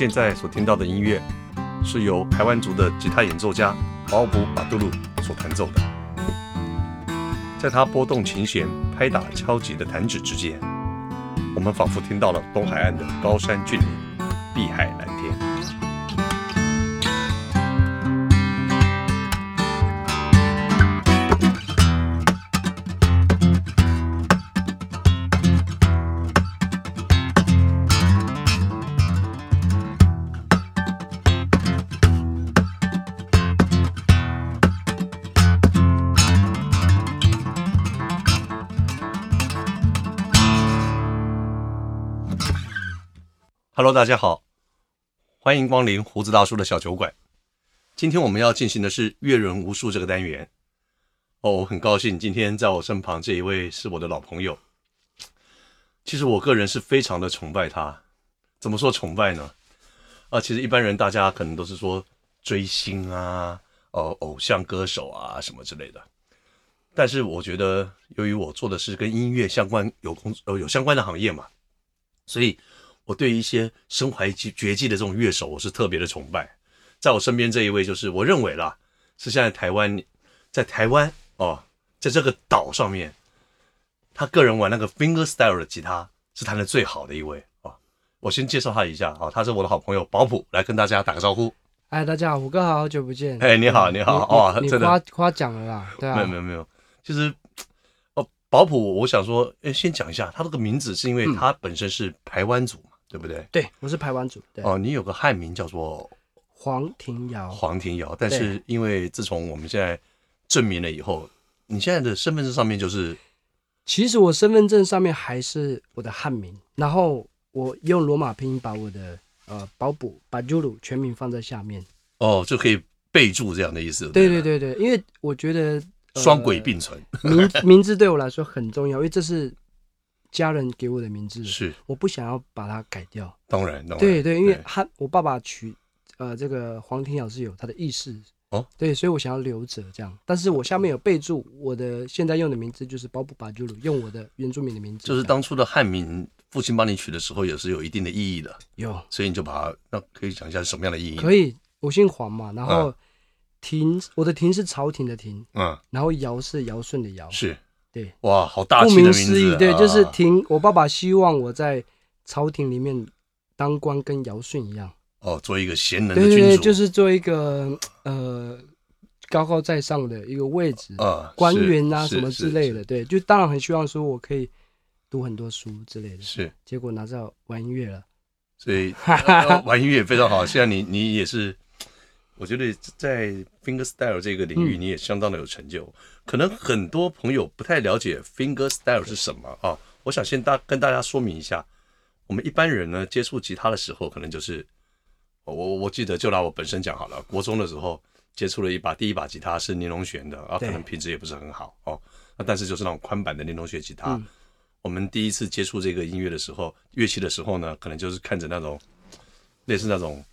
現在所聽到的音樂，是由排灣族的吉他演奏家保卜·巴督路所彈奏的。在他撥動琴弦、拍打敲擊的彈指之間，我們仿佛聽到了東海岸的高山峻嶺、碧海藍天。Hello，大家好，歡迎光臨胡子大叔的小酒館。今天我們要進行的是樂人無數這個單元。哦，我很高興今天在我身旁這一位是我的老朋友。其實我個人是非常的崇拜他。怎麼說崇拜呢？啊，其實一般人大家可能都是說追星啊，哦、呃，偶像歌手啊什麼之類的。但是我覺得，由於我做的是跟音樂相關有工、呃、有相關的行業嘛，所以。我對一些身懷絕技的這種樂手，我是特別的崇拜。在我身邊這一位，就是我認為啦，是現在台灣，在台灣哦，在這個島上面，他個人玩那個 finger style 的吉他是彈的最好的一位哦。我先介紹他一下哦、啊，他是我的好朋友保卜，來跟大家打個招呼。哎，大家好，虎哥好，久不見。哎，你好，你好哦，真的，誇誇獎了啦。對啊，沒有沒有沒有。其實哦，保卜，我想說，哎，先講一下，他這個名字是因為他本身是排灣族，對不對？對，我是排灣族。對。哦，你有個漢名叫做黃庭瑤。黃庭瑤，但是因為自從我們現在證明了以後，你現在的身份證上面就是。其實我身份證上面還是我的漢名，然後我用羅馬拼音把我的呃保卜把朱魯全名放在下面。哦，就可以備注這樣的意思。對對,對對對，因為我覺得雙軌並存，呃、名名字對我來說很重要， 因為這是。家人給我的名字是，我不想要把它改掉。當然，當然對對，對，因為他我爸爸取呃這個黃廷堯是有他的意思哦，對，所以我想要留着這樣。但是我下面有備註，我的現在用的名字就是保卜巴吉魯，用我的原住民的名字。就是當初的漢名父親幫你取的時候也是有一定的意義的。有，所以你就把它，那可以講一下什麼樣的意義？可以，我姓黃嘛，然後廷，嗯，我的廷是朝廷的廷，嗯，然後堯是堯舜的堯，是。對，哇，好大氣！顧名思義，對，啊、就是聽我爸爸希望我在朝廷裡面當官，跟堯舜一樣，哦，做一個賢能，對對對，就是做一個呃高高在上的一個位置，啊，官員啊什麼之類的，對，就當然很希望說我可以讀很多書之類的，是，結果拿到玩音樂了，所以、 呃呃、玩音樂也非常好，現在你你也是。我覺得在 finger style 這個領域，你也相當的有成就、嗯。可能很多朋友不太了解 finger style 是什麼啊、哦？我想先大跟大家說明一下。我們一般人呢，接觸吉他的時候，可能就是我我我記得就拿我本身講好了。國中的時候接觸了一把第一把吉他，是尼龍弦的啊，可能品質也不是很好哦。但是就是那種寬版的尼龍弦吉他、嗯。我們第一次接觸這個音樂的時候，樂器的時候呢，可能就是看着那種類似那種。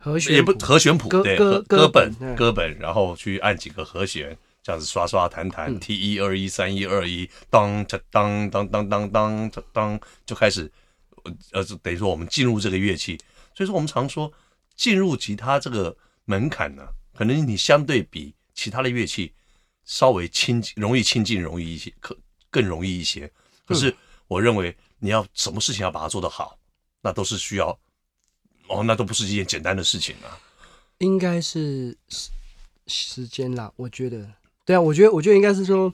和弦也不和弦譜，對，歌歌、歌本歌本，然後去按幾個和弦，這樣子刷刷彈彈，T 一二一三一二一，當當當當當當當，就開始，呃，就等於說我們進入這個樂器。所以說我們常說進入吉他這個門檻呢，可能你相對比其他的樂器稍微親近，容易親近容易一些，可更容易一些。可是我認為你要什麼事情要把它做得好，那都是需要。哦，那都不是一件簡單的事情啊。應該是時時間啦，我覺得。對啊，我覺得，我覺得應該是說，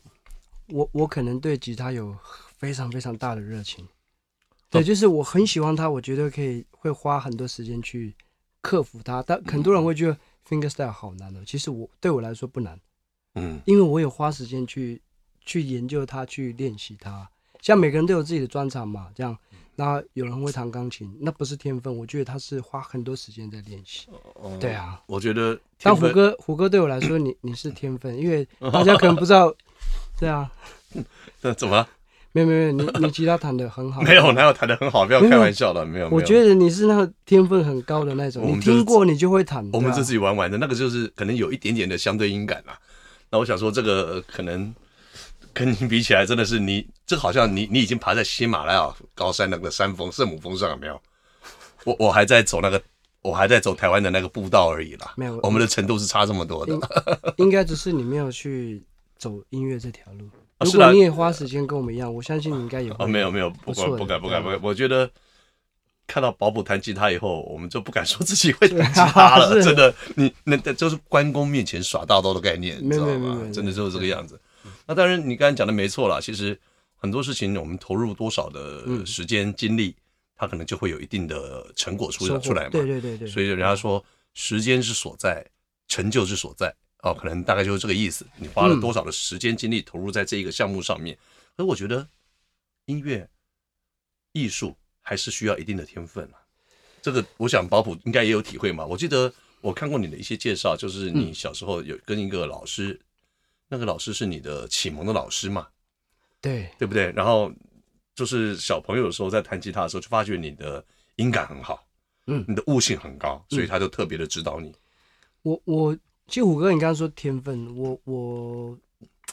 我我可能對吉他有非常非常大的熱情。對，就是我很喜歡它，我覺得可以會花很多時間去克服它。但很多人會覺得 fingerstyle 好難哦，其實我對我來說不難。嗯，因為我有花時間去去研究它，去練習它。像每個人都有自己的專長嘛，這樣。那有人會彈鋼琴，那不是天分，我覺得他是花很多時間在練習、嗯。對啊，我覺得天分但。但胡歌胡歌對我來說， 你你是天分，因為大家可能不知道。 對啊。 那怎麼了、啊？沒、啊、有沒有沒有，你你吉他彈的很好 沒沒。沒有，哪有彈的很好？不要開玩笑了，沒有沒有，沒有。我覺得你是那個天分很高的那種，就是、你聽過你就會彈、啊。我們自己玩玩的那個就是可能有一點點的相對音感啦、啊。那我想說這個可能。跟你比起來，真的是你，這好像你你已經爬在喜馬拉雅高山那個山峰聖母峰上了，沒有？我我還在走那個，我還在走台灣的那個步道而已啦。 沒有，我們的程度是差這麼多的。應該只是你沒有去走音樂這條路、 啊啊。如果你也花時間跟我們一樣，我相信你應該有。哦、啊，沒有沒有，不敢不敢不敢、啊。我覺得看到保卜彈吉他以後，我們就不敢說自己會彈吉他了、 啊。真的，你那那就是關公面前耍大刀的概念，你 知道嗎？真的就是這個樣子。那當然，你剛才講的沒錯了。其實很多事情，我們投入多少的時間精力、嗯，它可能就會有一定的成果出出來嘛。對對對對。所以人家說，時間之所在，嗯、成就之所在。哦，可能大概就是這個意思。你花了多少的時間精力投入在這一個項目上面？嗯、而我覺得，音樂、藝術還是需要一定的天分、啊、這個，我想保卜應該也有體會嘛。我記得我看過你的一些介紹，就是你小時候有跟一個老師。那個老師是你的啟蒙的老師嘛？對，對不對？然後就是小朋友的時候，在彈吉他的時候，就發覺你的音感很好，嗯，你的悟性很高，嗯，所以他就特別的指導你。我我，金虎哥，你剛剛說天分，我我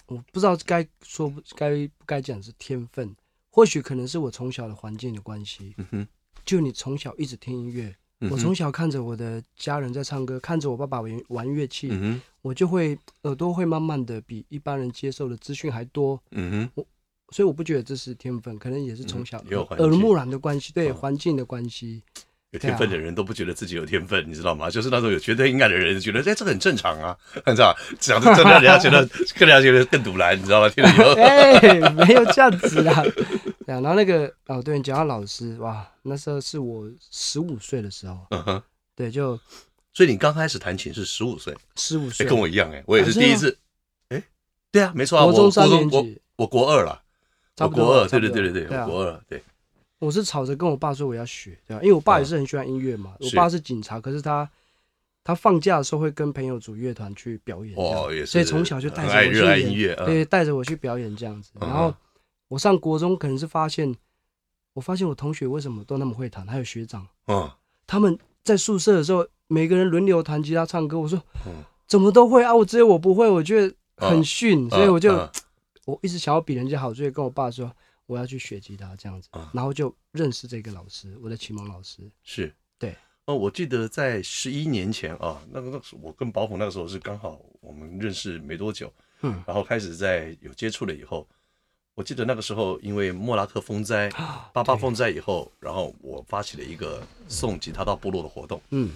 我不知道該說不該不該講是天分，或許可能是我從小的環境的關係。嗯哼，就你從小一直聽音樂。我從小看着我的家人在唱歌，看着我爸爸玩玩樂器、嗯，我就會耳朵會慢慢的比一般人接受的資訊還多。嗯哼，我所以我不覺得這是天分，可能也是從小、嗯、有耳濡目染的關係，對環境的關係、哦啊。有天分的人都不覺得自己有天分，你知道嗎？就是那種有絕對音感的人，覺得哎、欸、這個、很正常啊，你知道嗎？這樣子真的人， 人家覺得更加覺得更賭爛，你知道嗎？哎、 欸，沒有這樣子啊。 對、啊，然後那個哦，對，你講到老師哇，那時候是我十五歲的時候，嗯哼，對，就，所以你剛開始彈琴是十五歲，十五歲跟我一樣哎，我也是第一次，哎、啊啊，對啊，沒錯啊，我中三年級我我，我國二了，差不多了我國二，對對對對對，對啊、我國二，對，我是吵着跟我爸說我要學，這樣、啊，因為我爸也是很喜歡音樂嘛，啊、我爸是警察，可是他他放假的時候會跟朋友組樂團去表演，哦，也是，所以從小就帶着我去，熱愛音樂、啊，對，帶着我去表演這樣子，嗯、然後。我上國中可能是發現，我發現我同學為什麼都那麼會彈，還有學長啊、嗯，他們在宿舍的時候，每個人輪流彈吉他唱歌。我說，嗯、怎麼都會啊？我只有我不會，我覺得很遜、嗯，所以我就、嗯、我一直想要比人家好，所以跟我爸說我要去學吉他這樣子，嗯、然後就認識這個老師，我的啟蒙老師是對哦、呃。我記得在十一年前啊，那個那個我跟保卜那個時候是剛好我們認識沒多久，嗯，然後開始在有接觸了以後，我記得那個時候，因為莫拉克風災、八八風災以後、啊，然後我發起了一個送吉他到部落的活動。嗯，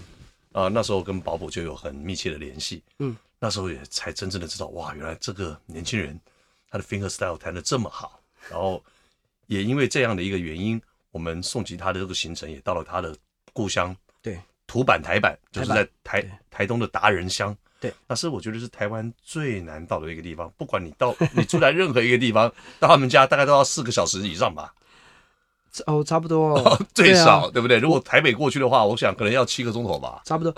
啊、呃，那時候跟保卜就有很密切的聯繫。嗯，那時候也才真正的知道，哇，原來這個年輕人他的 finger style 彈得這麼好。然後也因為這樣的一個原因，我們送吉他的這個行程也到了他的故鄉，版版對，土坂台板，就是在台台，台東的達仁鄉。對，但是我覺得是台灣最難到的一個地方。不管你到你住在任何一個地方， 到他們家大概都要四個小時以上吧。哦，差不多，哦、最少對啊、對不對？如果台北過去的話，我想可能要七個鐘頭吧。差不多。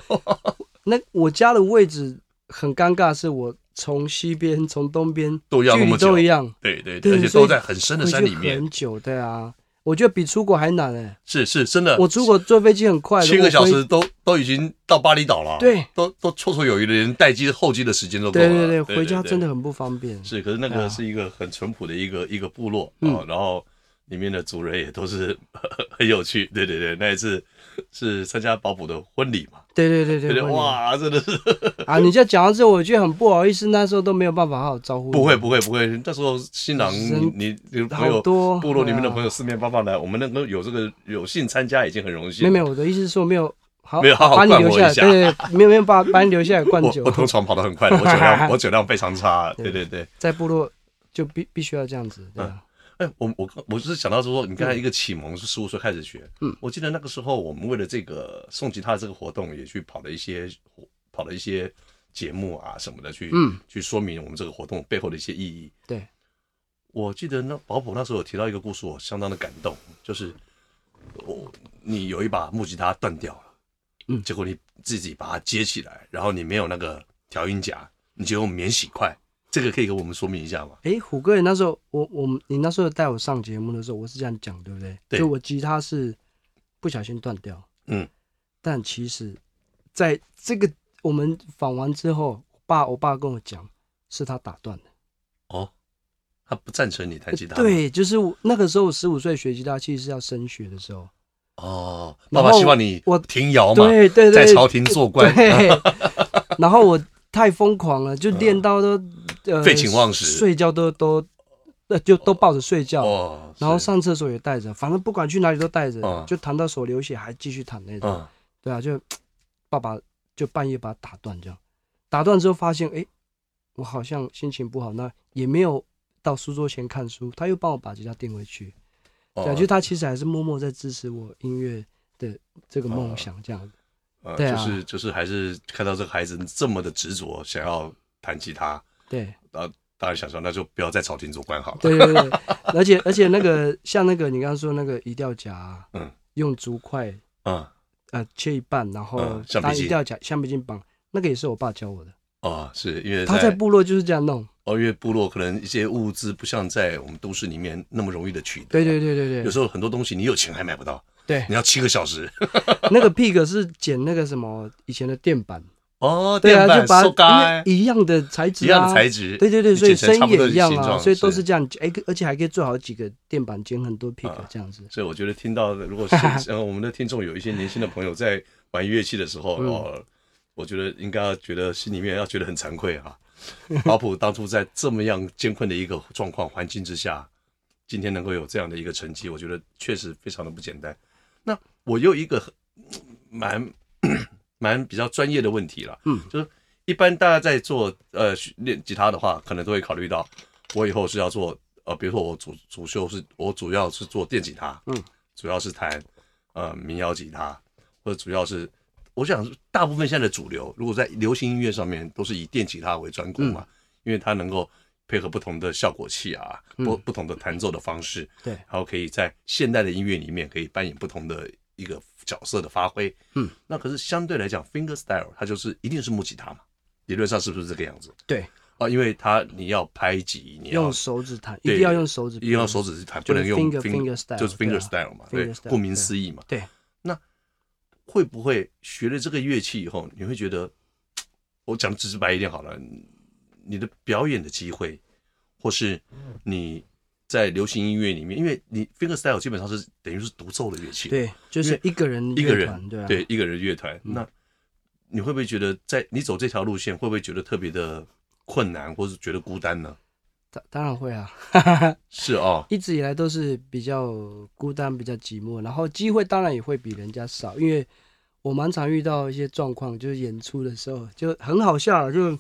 那我家的位置很尷尬，是我從西邊、從東邊都要那麼久，都一樣，對對、對，而且都在很深的山裡面，很久對啊。我覺得比出國還難嘞，欸，是是，真的，我出國坐飛機很快，七個小時都都已經到巴厘島了，對，都都綽綽有餘的，連待機候機的時間都沒有。對對對，回家真的很不方便對對對。是，可是那個是一個很淳樸的一個一個部落啊，嗯喔，然後裡面的族人也都是呵呵很很有趣。對對對，那一次是參加保卜的婚禮嘛。對對對對，對，對，哇，真的是啊！你就講這講完之後我覺得很不好意思，那時候都沒有辦法好好招呼。不會不會不會，那時候新郎你你朋友部落裡面的朋友四面八方來、啊，我們能夠有這個有幸參加已經很榮幸。沒有沒有，我的意思是說沒有沒有好好灌把你留下來我一下，對，對 沒，沒有沒有把把你留下來灌酒。我通常跑得很快的，我酒量 我酒量非常差。對對對，對，在部落就必必須要這樣子。對、啊。嗯哎、欸，我我我就是想到說，你剛才一個啟蒙是十五歲開始學，嗯，我記得那個時候我們為了這個送吉他這個活動，也去跑了一些跑了一些節目啊什麼的去、嗯，去說明我們這個活動背後的一些意義。對，我記得那保卜那時候有提到一個故事，我相當的感動，就是我你有一把木吉他斷掉了，嗯，結果你自己把它接起來，然後你沒有那個調音夾，你就用免洗筷。這個可以給我們說明一下嗎？哎，虎哥，那時候我我你那時候帶我上節目的時候，我是這樣講，對不對？對，就我吉他是不小心斷掉。嗯，但其實，在這個我們訪完之後，爸，我爸跟我講，是他打斷的。哦，他不贊成你彈吉他、呃。對，就是我那個時候，我十五歲學吉他，其實是要升學的時候。哦，爸爸希望你我停搖嘛？對對，在朝廷作怪。 然後我太瘋狂了，就練到都。嗯呃、廢寢忘食，睡覺都都，那、呃、就都抱着睡覺，哦，然後上廁所也帶着，反正不管去哪裡都帶着，嗯，就彈到手流血還繼續彈那種。嗯、對啊，就爸爸就半夜把他打斷，這樣打斷之後發現，哎，我好像心情不好，那也沒有到書桌前看書，他又幫我把吉他釘回去，對、嗯，就他其實還是默默在支持我音樂的這個夢想，這樣。呃、嗯嗯啊，就是就是還是看到這個孩子這麼的執着，想要彈吉他。對，然後大家想說，那就不要在朝廷做官好了。對對對，而且而且那個像那個你剛剛說那個移調夾，嗯，用竹筷，嗯，啊、呃，切一半，然後拿移調夾橡皮筋綁，那個也是我爸教我的。哦，是因為在他在部落就是這樣弄。哦，因為部落可能一些物資不像在我們都市裡面那麼容易的取得。對對對對，對有時候很多東西你有錢還買不到。對，你要七個小時。那個 pick 是撿那個什麼以前的墊板。哦、oh，對啊，墊板就把它，因為一樣的材質，啊，一樣的材質，對對對，所以聲音，啊、也一樣啊，啊，所以都是這樣。哎，而且還可以做好幾個墊板，剪很多 pick 這樣子。啊、所以我覺得聽到，如果是 我們的聽眾有一些年輕的朋友在玩樂器的時候 哦，我覺得應該要覺得心裡面要覺得很慚愧哈，啊。保卜當初在這麼樣艱困的一個狀況環境之下， 今天能夠有這樣的一個成績，我覺得確實非常的不簡單。那我又一個很蠻。 蠻比較專業的問題了，嗯，就是一般大家在做呃練吉他的話，可能都會考慮到我以後是要做呃，比如說我主主修是，我主要是做電吉他，嗯，主要是彈呃民謠吉他，或者主要是我想大部分現在的主流，如果在流行音樂上面都是以電吉他為專攻嘛、嗯，因為它能夠配合不同的效果器啊，嗯、不不同的彈奏的方式、嗯，對，然後可以在現代的音樂裡面可以扮演不同的。一個角色的發揮，嗯，那可是相對來講，finger style 它就是一定是木吉他嘛，理論上是不是這個樣子？對，啊，因為它你要拍幾，你要用手指彈，一定要用手指，一定要手指彈，不能用 finger, finger style。就是 finger style 嘛，對、啊，顧名思義嘛，對，對。那會不會學了這個樂器以後，你會覺得，我講直白一點好了，你的表演的機會，或是你。在流行音樂裡面，因為你 fingerstyle 基本上是等於是獨奏的樂器，對，就是一個人，一個人，對、啊、對，一個人樂團。嗯。那你會不會覺得，在你走這條路線，會不會覺得特別的困難，或是覺得孤單呢？當當然會啊， 是哦，一直以來都是比較孤單、比較寂寞，然後機會當然也會比人家少。因為我蠻常遇到一些狀況，就是演出的時候就很好笑，就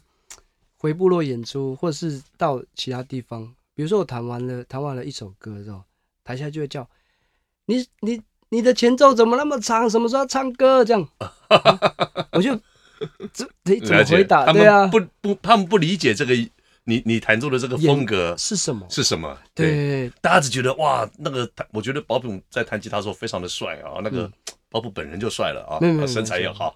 回部落演出，或者是到其他地方。比如說我彈完了，彈完了一首歌之後，台下就會叫你，你，你的前奏怎麼那麼長？什麼時候要唱歌？這樣， 我就這怎麼回答？對啊，不不，他們不理解這個你你彈奏的這個風格是什麼？是什麼？對，對大家只覺得哇，那個我覺得保卜在彈吉他的時候非常的帥啊、哦，那個保卜、嗯、本人就帥了、哦嗯、啊、嗯，身材也好，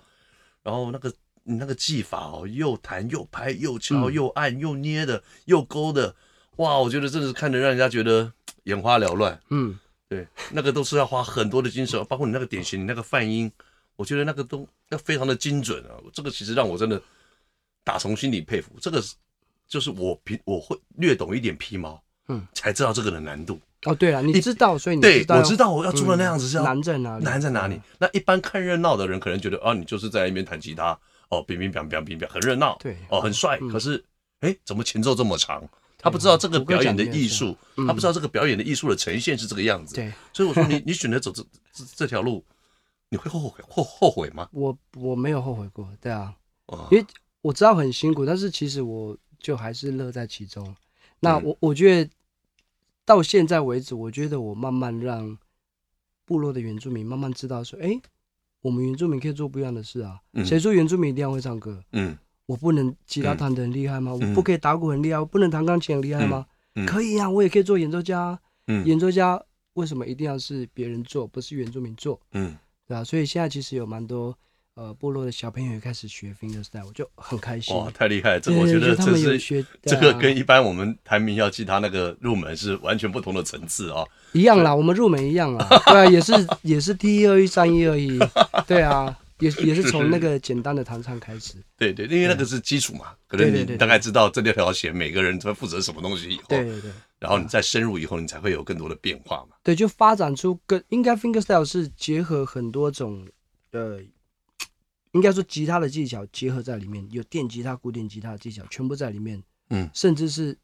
然後那個你那個技法哦，又彈又拍又敲又按、嗯、又捏的又勾的。哇，我覺得真的是看得讓人家覺得眼花繚亂。嗯，對，那個都是要花很多的精神，包括你那個點弦、嗯，你那個泛音，我覺得那個都要非常的精準啊。這個其實讓我真的打從心裡佩服。這個是就是我比，我會略懂一點皮毛，嗯，才知道這個的難度。哦，對了，你知道，所以你知道。對，我知道我要做到那樣子是要難、嗯、在哪裡？難在，在哪裡？那一般看熱鬧的人可能覺得啊，你就是在那邊彈吉他哦，乒乒乒乒乒乒，很熱鬧，對，哦，很帥、嗯。可是哎、欸，怎麼前奏這麼長？他不知道這個表演的藝術、嗯，他不知道這個表演的藝術的呈現是這個樣子。對，所以我說你， 你選擇走這這條路，你會後悔後後悔嗎？我我沒有後悔過，對啊，啊，因為我知道很辛苦，但是其實我就還是樂在其中。那我、嗯、我覺得到現在為止，我覺得我慢慢讓部落的原住民慢慢知道說，哎，我們原住民可以做不一樣的事啊。嗯、誰說原住民一定要會唱歌？嗯。嗯我不能吉他彈得很厲害嗎、嗯？我不可以打鼓很厲害？嗯、我不能彈鋼琴很厲害嗎？嗯嗯、可以呀，啊，我也可以做演奏家、啊嗯。演奏家為什麼一定要是別人做，不是原住民做？嗯，對啊。所以現在其實有蠻多呃部落的小朋友也開始學 fingerstyle，我就很開心。哇，太厲害了這，我對對對！我覺得這是他們有學、啊、這個跟一般我們彈民謠吉他那個入門是完全不同的層次啊，啊。一樣啦，我們入門一樣啊。 對啊，也是也是 T 一二一三一二一而已。對啊。也也是從那個簡單的彈唱開始， 對，對對，因為那個是基礎嘛、嗯，可能你大概知道這六條弦每個人他負責什麼東西以後，對，對對對，然後你再深入以後，你才會有更多的變化嘛。啊、對，就發展出更，應該 fingerstyle 是結合很多種呃應該說吉他的技巧結合在裡面，有電吉他、古典吉他的技巧全部在裡面，嗯，甚至是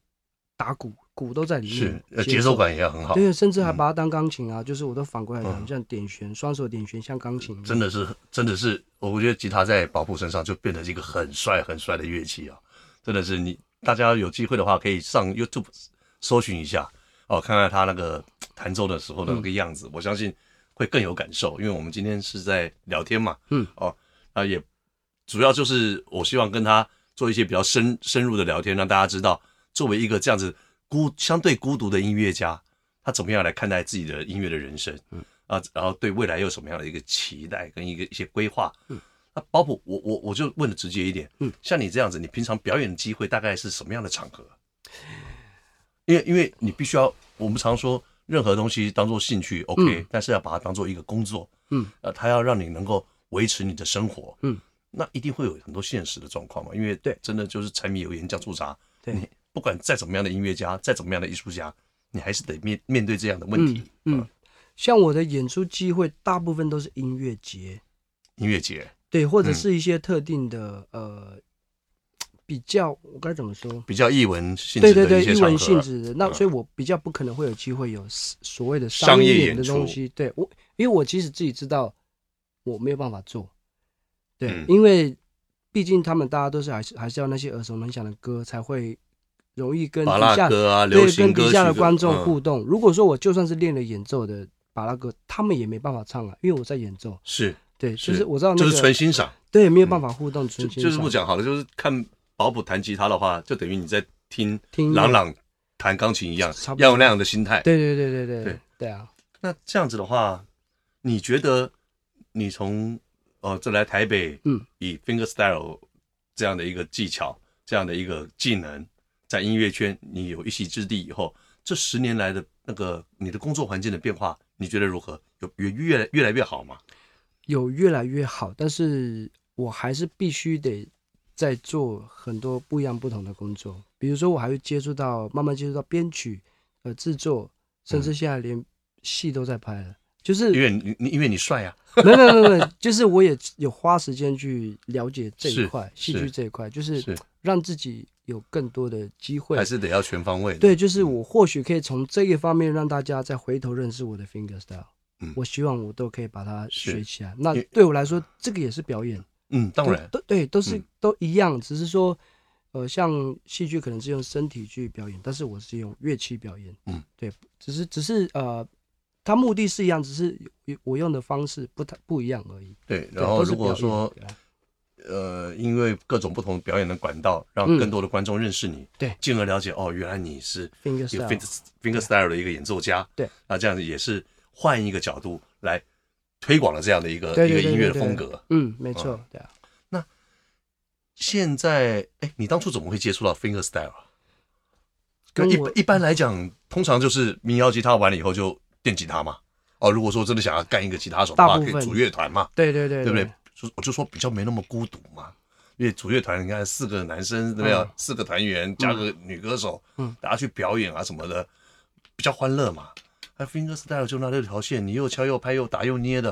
打鼓。鼓都在裡面，是呃、節奏感也很好，對，甚至還把它當鋼琴啊，嗯、就是我都反過來這樣點弦、嗯，雙手點弦像鋼琴、嗯，真的是，真的是，我覺得吉他在保卜身上就變得是一個很帥很帥的樂器啊，真的是，你大家有機會的話可以上 YouTube 搜尋一下哦，看看他那個彈奏的時候的那個樣子、嗯，我相信會更有感受，因為我們今天是在聊天嘛，嗯，哦，那也主要就是我希望跟他做一些比較深深入的聊天，讓大家知道作為一個這樣子。孤相對孤獨的音樂家，他怎麼樣來看待自己的音樂的人生？嗯啊，然後對未來有什麼樣的一個期待跟一個一些規劃？嗯，那保卜，我我我就問的直接一點。嗯，像你這樣子，你平常表演的機會大概是什麼樣的場合？因為因為你必須要，我們常說任何東西當做興趣，OK，但是要把它當做一個工作。嗯，呃，它要讓你能夠維持你的生活。嗯，那一定會有很多現實的狀況嘛？因為對，真的就是柴米油鹽醬醋茶。對。不管再怎麼樣的音樂家，再怎麼樣的藝術家，你還是得面面對這樣的問題。嗯，嗯，像我的演出機會，大部分都是音樂節。音樂節，對，或者是一些特定的、嗯、呃，比較我該怎麼說？比較藝文性質。對對對，藝文性質的、嗯，那所以，我比較不可能會有機會有所謂的商業演出的東西。對我，因為我其實自己知道，我沒有辦法做。對，嗯、因為畢竟他們大家都是還是還是要那些耳熟能詳的歌才會。容易跟底下歌、啊、對流行歌跟底下的觀眾互動、嗯。如果說我就算是練了演奏的芭樂歌，他們也沒辦法唱啊，因為我在演奏。是，對，是就是我知道、那個，就是純欣賞。對，沒有辦法互動，純欣賞。嗯、就，就是不講好了，就是看保卜彈吉他的話，就等於你在聽聽郎朗彈，彈鋼琴一樣，要有那樣的心態。對對對對對對啊！那這樣子的話，你覺得你從哦、呃，這來台北，嗯，以 finger style 這樣的一個技巧，這樣的一個技能。在音樂圈，你有一席之地以後，這十年來的那個你的工作環境的變化，你覺得如何？有越越來越，越來越好嗎？有越來越好，但是我還是必須得再做很多不一樣不同的工作。比如說，我還會接觸到，慢慢接觸到編曲、呃製作，甚至現在連戲都在拍了。嗯、就是因為你，因為你帥啊， 沒有沒有沒有，就是我也有花時間去了解這一塊戲劇這一塊，是就是讓自己。有更多的機會，還是得要全方位。對，就是我或許可以從這一方面讓大家再回頭認識我的 finger style。嗯，我希望我都可以把它學起來。那對我來說、嗯，這個也是表演。嗯，當然，都對，對，都是、嗯、都一樣，只是說，呃，像戲劇可能是用身體去表演，但是我是用樂器表演。嗯，對，只是只是呃，它目的是一樣，只是我用的方式不太不一樣而已。對，然後如果說。呃，因為各種不同表演的管道讓更多的觀眾認識你，嗯、對，進而了解哦，原來你是一個 finger style 的一個演奏家。對，那這樣子也是換一個角度來推廣了這樣的一個，對對對對對對，一個音樂的風格，對對對對。嗯，嗯，沒錯，對啊。那現在，哎，你當初怎麼會接觸到 finger style 啊？跟一一般來講，通常就是民謠吉他完了以後就電吉他嘛，哦，如果說真的想要幹一個吉他手嘛，可以組樂團嘛，對對對，對，對，對不對？就我就說比較沒那麼孤獨嘛，因為組樂團你看四個男生怎麼樣，四個團員加個女歌手，嗯，大家去表演啊什麼的，比較歡樂嘛。而、嗯、fingerstyle 就那六條線，你又敲又拍又打又捏的，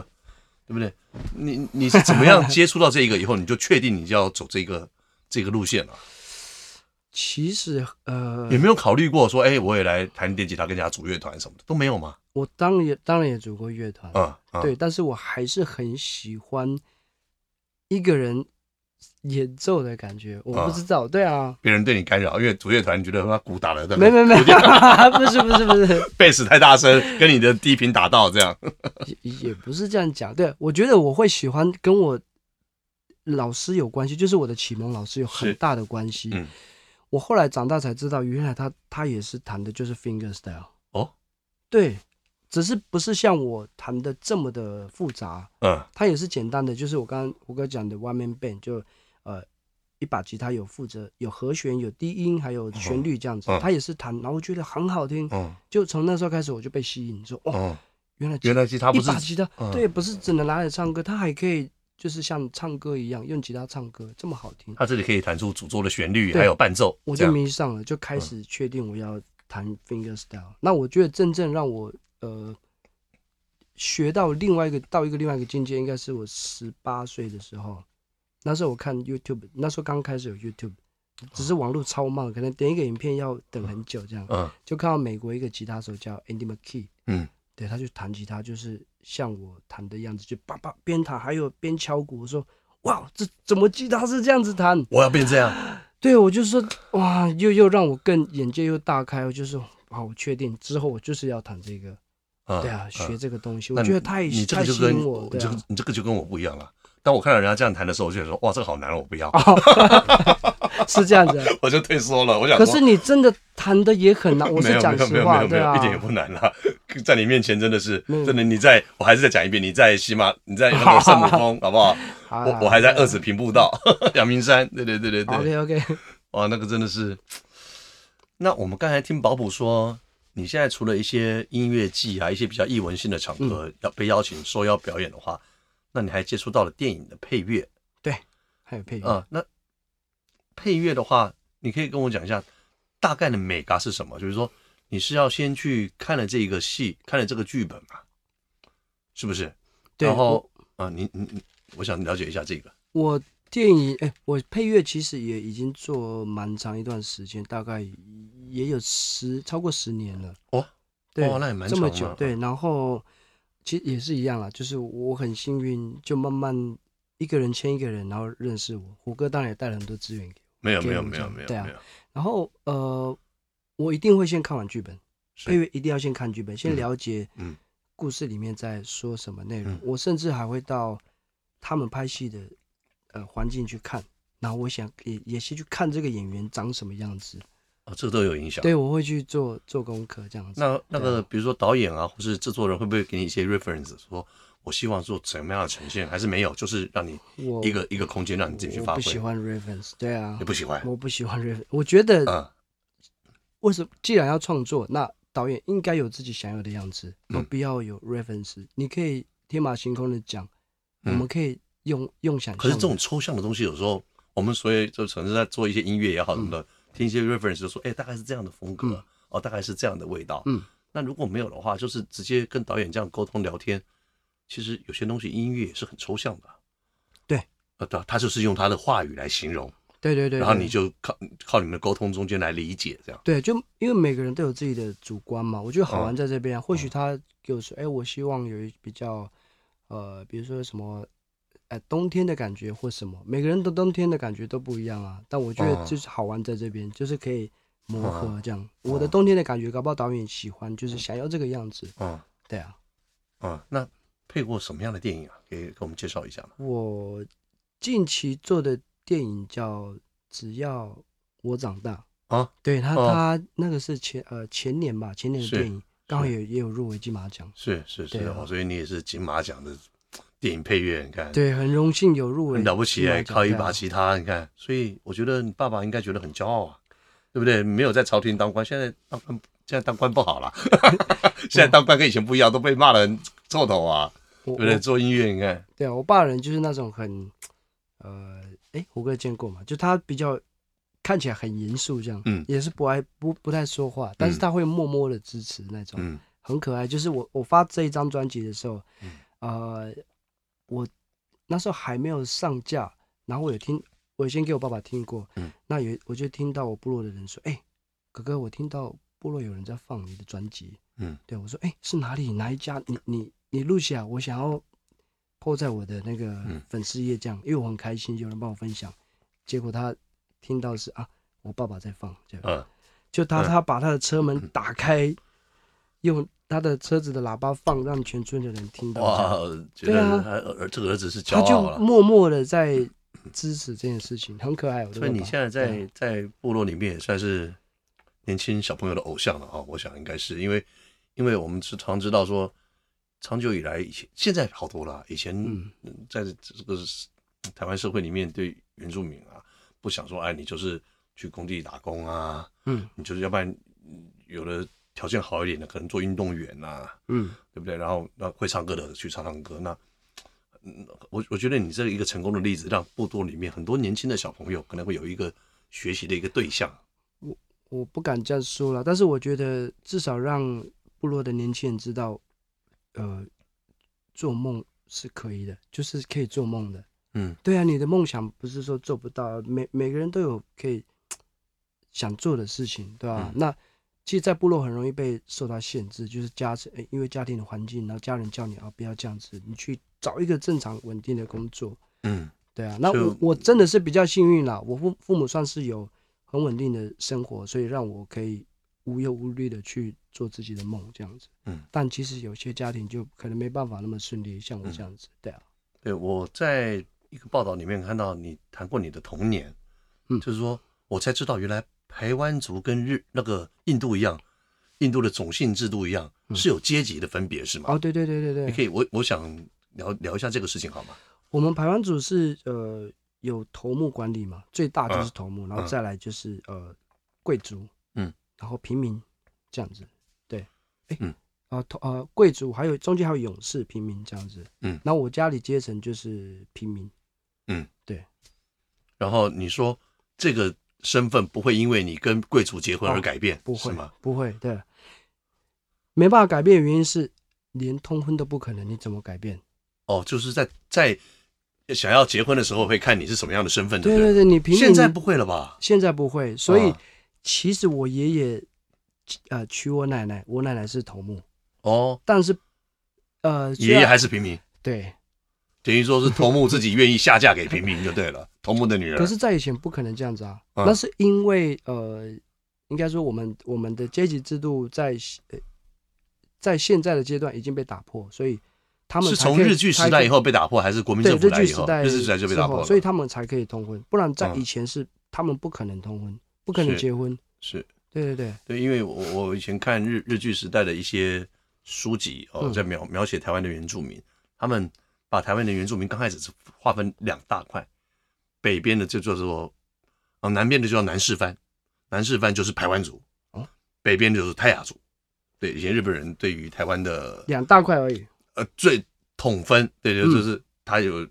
對不對？你你是怎麼樣接觸到這一個以後， 你就確定你就要走這個這個路線了？其實呃，有沒有考慮過說，哎，我也來彈電吉他，跟人家組樂團什麼的都沒有嗎？我當然當然也組過樂團啊、嗯嗯，對，但是我還是很喜歡。一個人演奏的感覺，我不知道、啊。對啊，別人對你干擾，因為主樂團，你覺得把鼓打的對對。沒沒沒， 不是不是不是，貝 斯太大聲， 跟你的低頻打到這樣。也也不是這樣講，對、啊、我覺得我會喜歡，跟我老師有關係，就是我的啟蒙老師有很大的關係。嗯、我後來長大才知道，原來他他也是彈的，就是 finger style。哦，對。只是不是像我彈的這麼的複雜，嗯，它也是簡單的，就是我剛剛胡哥講的 one man band 就，呃，一把吉他有負責有和弦有低音還有旋律這樣子，他、嗯嗯、也是彈，然後我覺得很好聽，嗯、就從那時候開始我就被吸引住。哦，嗯、原來原來吉他不是一把吉他、嗯，對，不是只能拿來唱歌，它還可以就是像唱歌一樣用吉他唱歌這麼好聽，它這裡可以彈出主奏的旋律，對，還有伴奏，我就迷上了，就開始確定我要彈 finger style，嗯、那我覺得真正讓我呃，學到另外一個到一個另外一個境界，應該是我十八歲的時候。那時候我看 YouTube，那時候剛開始有 YouTube，只是網絡超慢，可能點一個影片要等很久這樣。嗯。就看到美國一個吉他手叫 Andy McKee，嗯，對，他就彈吉他，就是像我彈的樣子，就叭叭邊彈還有邊敲鼓。我說，哇，這怎麼吉他是這樣子彈？我要變這樣。對，我就是哇，又又讓我更眼界又大開，我就是好，我確定之後我就是要彈這個。嗯、對啊，學這個東西，嗯、我覺得太開心。你這個就跟我你、這個啊，你這個就跟我不一樣了。當我看到人家這樣彈的時候，我就想說：哇，這個好難了，我不要。哦、 是這樣子，我就退縮了。我想說，可是你真的彈的也很難。我是講實話，沒有，沒有，沒有，沒有，啊、一點也不難啦。 在你面前真的是，嗯、真的。你在我還是再講一遍。你在喜馬，你在那個聖母峰， 好不好？好啊、我好、啊、我還在二子坪步道，陽明山。對對， 對對對對對。對 OK OK。哇，那個真的是。那我們剛才聽保卜說。你現在除了一些音樂劇啊，一些比較藝文性的場合要被邀請受邀表演的話，嗯、那你還接觸到了電影的配樂，對，還有配樂啊、嗯。那配樂的話，你可以跟我講一下大概的眉角是什麼？就是說你是要先去看了這個戲，看了這個劇本嘛，是不是？對，然後啊、嗯，你你你，我想了解一下這個。我電影哎，我配樂其實也已經做蠻長一段時間，大概。也有十超過十年了哦，對，哦、那也蠻這麼久對。然後其實也是一樣啦，就是我很幸運，就慢慢一個人牽一個人，然後認識我。胡哥當然也帶了很多資源給我，沒有沒有沒有沒有，對啊。然後呃，我一定會先看完劇本，因為一定要先看劇本，先了解嗯故事裡面在說什麼內容、嗯嗯。我甚至還會到他們拍戲的呃環境去看，然後我想也也是去看這個演員長什麼樣子。啊、哦，這個都有影響。對，我會去做做功課，這樣子。那那個、啊，比如說導演啊，或是製作人，會不會給你一些 reference，說我希望做怎麼樣的呈現？還是沒有，就是讓你一個一個空間讓你自己去發揮。我不喜歡 reference，對啊，你不喜歡。我不喜歡 reference，我覺得，嗯，為什麼？既然要創作，那導演應該有自己想要的樣子，有必要有 reference，嗯。你可以天馬行空的講，嗯、我們可以用用想象。可是這種抽象的東西，有時候我們所以就曾經在做一些音樂也好什麼的。嗯聽一些 reference 就說，哎，大概是這樣的風格、嗯、哦，大概是這樣的味道。嗯，那如果沒有的話，就是直接跟導演這樣溝通聊天。其實有些東西音樂也是很抽象的，對，啊、呃、對，他就是用他的話語來形容，對對對，然後你就靠、嗯、靠你們的溝通中間來理解這樣。對，就因為每個人都有自己的主觀嘛，我覺得好玩在這邊。嗯、或許他給我說，哎，我希望有一比較，呃，比如說什麼。哎，冬天的感覺或什麼，每個人的冬天的感覺都不一樣啊。但我覺得就是好玩在這邊，嗯、就是可以磨合這樣。嗯、我的冬天的感覺，搞不好導演喜歡，就是想要這個樣子。哦、嗯嗯，對啊、嗯，那配過什麼樣的電影啊？給給，給我們介紹一下。我近期做的電影叫《只要我長大》啊、嗯，對他他、嗯、那個是前呃前年吧，前年的電影，剛好也也有入圍金馬獎。是是是、啊哦，所以你也是金馬獎的電影配樂，你看，對，很榮幸有入圍、欸，很了不起啊、欸！靠一把吉他，你看，所以我覺得你爸爸應該覺得很驕傲啊，對不對？沒有在朝廷當官，現在當官現在當官不好了， 現在當官跟以前不一樣，都被罵的臭頭啊，對不對？做音樂，你看，對啊，我爸人就是那種很，呃，哎、欸，胡歌見過嘛？就他比較看起來很嚴肅，這樣，嗯，也是不愛不不太說話，但是他會默默的支持那種，嗯、很可愛。就是我我發這一張專輯的時候，嗯，呃我那時候還沒有上架，然後我有聽，我有先給我爸爸聽過，嗯，那有我就聽到我部落的人說，哎、欸，哥哥，我聽到部落有人在放你的專輯，嗯，對，我說，哎、欸，是哪裡哪一家？你你你錄下來，我想要 po 在我的那個粉絲頁這樣，因為我很開心有人幫我分享。結果他聽到是啊，我爸爸在放，這樣，就他、嗯、他把他的車門打開。用他的車子的喇叭放，讓全村的人聽到。哇，覺得他兒、啊這個，兒子是驕傲。他就默默的在支持這件事情，嗯、很可愛。所以你現在在、嗯、在部落裡面也算是年輕小朋友的偶像了啊，哦！我想應該是因為因為我們是常知道說，長久以來以前現在好多了，啊。以前在這個台灣社會裡面，對原住民啊，不想說哎，你就是去工地打工啊，嗯，你就是要不然有的。條件好一點的，可能做運動員吶、啊，嗯，對不對？然後那會唱歌的去唱唱歌。那我我覺得你這一個成功的例子，讓部落裡面很多年輕的小朋友可能會有一個學習的一個對象。我我不敢這樣說了，但是我覺得至少讓部落的年輕人知道，呃，做夢是可以的，就是可以做夢的。嗯，對啊，你的夢想不是說做不到，每每個人都有可以想做的事情，對吧、啊嗯？那。其實，在部落很容易被受到限制，就是家，因為家庭的環境，然後家人叫你啊，不要這樣子，你去找一個正常穩定的工作。嗯，對啊，那我我真的是比較幸運啦，我父父母算是有很穩定的生活，所以讓我可以無憂無慮的去做自己的夢這樣子。嗯，但其實有些家庭就可能沒辦法那麼順利，像我這樣子。嗯，對啊，對，我在一個報道裡面看到你談過你的童年，嗯，就是說我才知道原來。台灣族跟日那個印度一樣，印度的種姓制度一樣，嗯、是有階級的分別，是嗎？哦，對對對對對。你可以，我我想聊聊一下這個事情，好嗎？我們排灣族是呃有頭目管理嘛，最大的就是頭目，啊，然後再來就是呃貴族，嗯，然後平民這樣子。對，哎、欸嗯，啊頭啊貴族，還有中間還有勇士、平民這樣子。嗯，那我家裡階層就是平民。嗯，對。嗯、然後你說這個。身份不會因為你跟貴族結婚而改變。哦，不會嗎？不會，對，沒辦法改變的原因是連通婚都不可能，你怎麼改變？哦，就是在在想要結婚的時候會看你是什麼樣的身份對不對？對對對，你平民現在不會了吧？現在不會，所以其實我爺爺呃娶我奶奶，我奶奶是頭目哦，但是呃爺爺還是平民，對。等於說是頭目自己願意下嫁給平民就對了， 頭目的女人。可是，在以前不可能這樣子啊，嗯、那是因為呃，應該說我們我們的階級制度在呃在現在的階段已經被打破，所以他們以是從日據時代以後被打破，還是國民政府以後？日據時，時代就被打破，所以他們才可以通婚，不然在以前是他們不可能通婚，嗯、不可能結婚。是對對對對，因為我我以前看日日據時代的一些書籍、嗯、哦，在描描寫台灣的原住民，他們。把、啊、台灣的原住民剛開始是劃分兩大塊，北邊的就叫做啊，南邊的就叫南勢番，南勢番就是排灣族啊，北邊就是泰雅族。對，以前日本人對於台灣的兩大塊而已。呃，最統分對對就是、嗯、他有